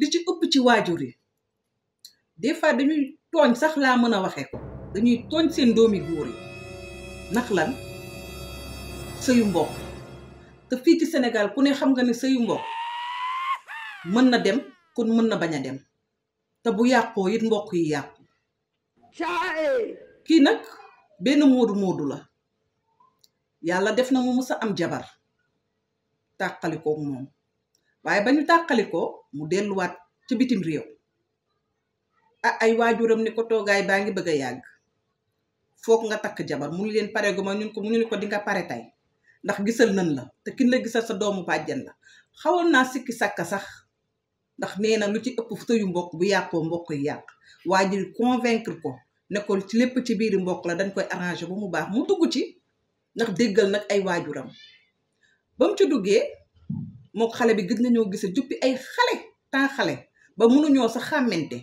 li ci ëpp ci waajur yi des fois dañuy tooñ sax laa mën a waxee ko dañuy tooñ seen doomi góor yi ndax lan sëyu mbokk te fii ci Sénégal ku ne xam nga ne sëyu mbokk mën na dem kon mën na bañ a dem te bu yàqoo it mbokk yi yàqu kii nag benn moodu moodu la yàlla def na mu musa am jabar tàqali koog moom waaye ba ñu tàqali ko mu delluwaat ci bitim réew ah ay waajuram ni ko toogaay baa ngi bëgg a yàgg foog nga takk jabar mu ni leen pare gu ma ñun ko mu ni ko di nga pare tey ndax gisal nan la te kin la gisal sa doomu bàjjan la xawoon naa sikki sàkka sax ndax nee na lu ci ëpp sëyu mbokk bu yàqoo mbokk yi yàq waa ji convaincre ko ne ci lépp ci biiri mbokk la dañ koy arrangé ba mu baax mu dugg ci ndax déggal nag ay waajuram ba ci duggee moo xale bi gëj nañoo gise juppi ay xale temps xale ba mënuñoo sa xàmmante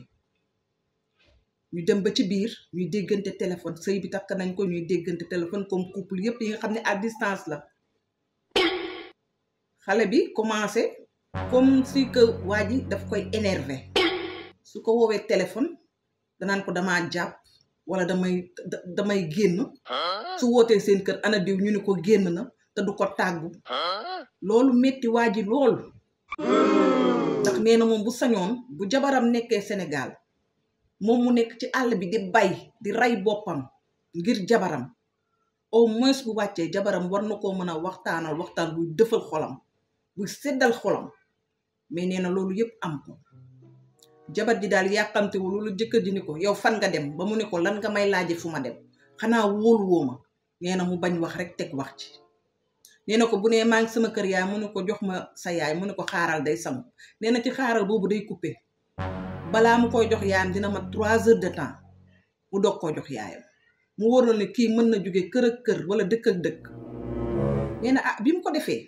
ñu dem ba ci biir ñuy déggante téléphone sëy bi takk nañ ko ñuy déggante téléphone comme couple yëpp yi nga xam ne à la xale bi commencé comme si que waa yi daf koy énervé su ko woowee téléphone danaan ko dama jàpp wala damay damay génn su wootee seen kër ana diw ñu ne ko génn na te du ko tàggu loolu métti waa ji lool ndax nee na moom bu sañoon bu jabaram nekkee Sénégal moom mu nekk ci àll bi di bay di rey boppam ngir jabaram au moins bu wàccee jabaram war na koo mën a waxtaanal waxtaan buy dëfal xolam buy seddal xolam mais nee na loolu yëpp am jabar ji daal yàqamtewu loolu jëkkër ji ni ko yow fan nga dem ba mu ne ko lan nga may laaje fu ma dem xanaa wóolu woo ma nee na mu bañ wax rek teg wax ci nee ko bu nee maa sama kër yaay mu ne ko jox ma sa yaay mu ne ko xaaral day sangu nee na ci xaaral boobu day coupé balaa mu koy jox yaayam dina mat trois heures de temps mu doog koo jox yaayam mu waroon ne kii mën na jóge kër ak kër wala dëkk ak dëkk nee ah bi mu ko defee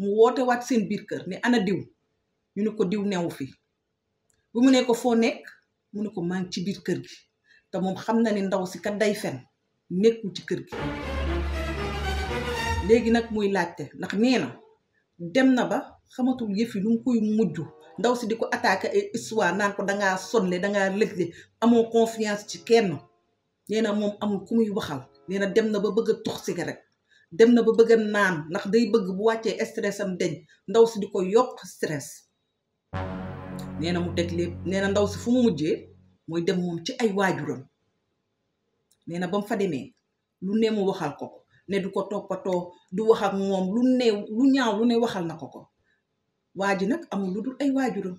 mu woote waat seen biir kër ni ana diw ñu ne ko diw newu fii bu mu ne ko foo nekk mu ne ko maa ngi ci biir kër gi te moom xam na ni ndaw si kat day fen nekkul ci kër gi léegi nag muy laajte ndax nee na dem na ba xamatul yëf yi lu mu koy mujj ndaw si di ko attaque ay histoire naan ko dangaa sonle dangaa lëgle amoo confiance ci kenn nee na moom amul ku muy waxal nee na dem na ba bëgg a tux cigarette dem na ba bëgg a naan ndax day bëgg bu wàccee stress am deñ ndaw si di ko yokk stress nee na mu teg lépp nee na ndaw si fu mu mujjee mooy dem moom ci ay waajuram nee na ba fa demee lu ne mu waxal ko ko ne du ko toppatoo du wax ak moom lu néew lu ñaaw lu ne waxal na ko ko waa nag amul lu dul ay waajuram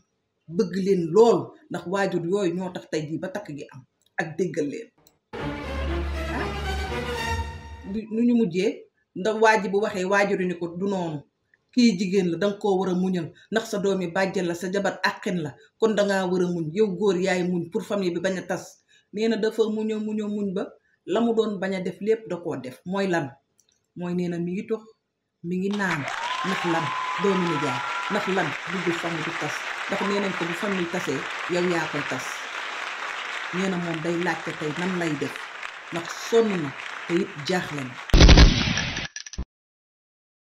bëgg leen lool ndax waajur yooyu ñoo tax tey jii ba takk gi am ak déggal leen ah, nu ñu mujjee ndax waaji bu waxee waajuri ni ko du noonu kii jigéen la danga koo war a muñal ndax sa doomi bàjjen la sa jabar àqin la kon dangaa war a muñ yow góor yaay muñ pour famille bi bañ tas nee dafa muñoo muñoo muñ ba la mu doon bañ a def lépp da koo def mooy lan mooy nee mi ngi tox mi ngi naan ndax lan doomu nijaay ndax lan dugg famille du tas ndax nee nañ ko bu famille tasee yow yaa koy tas nee na moom day laajte tey nan lay def ndax sonn na te it jaaxle na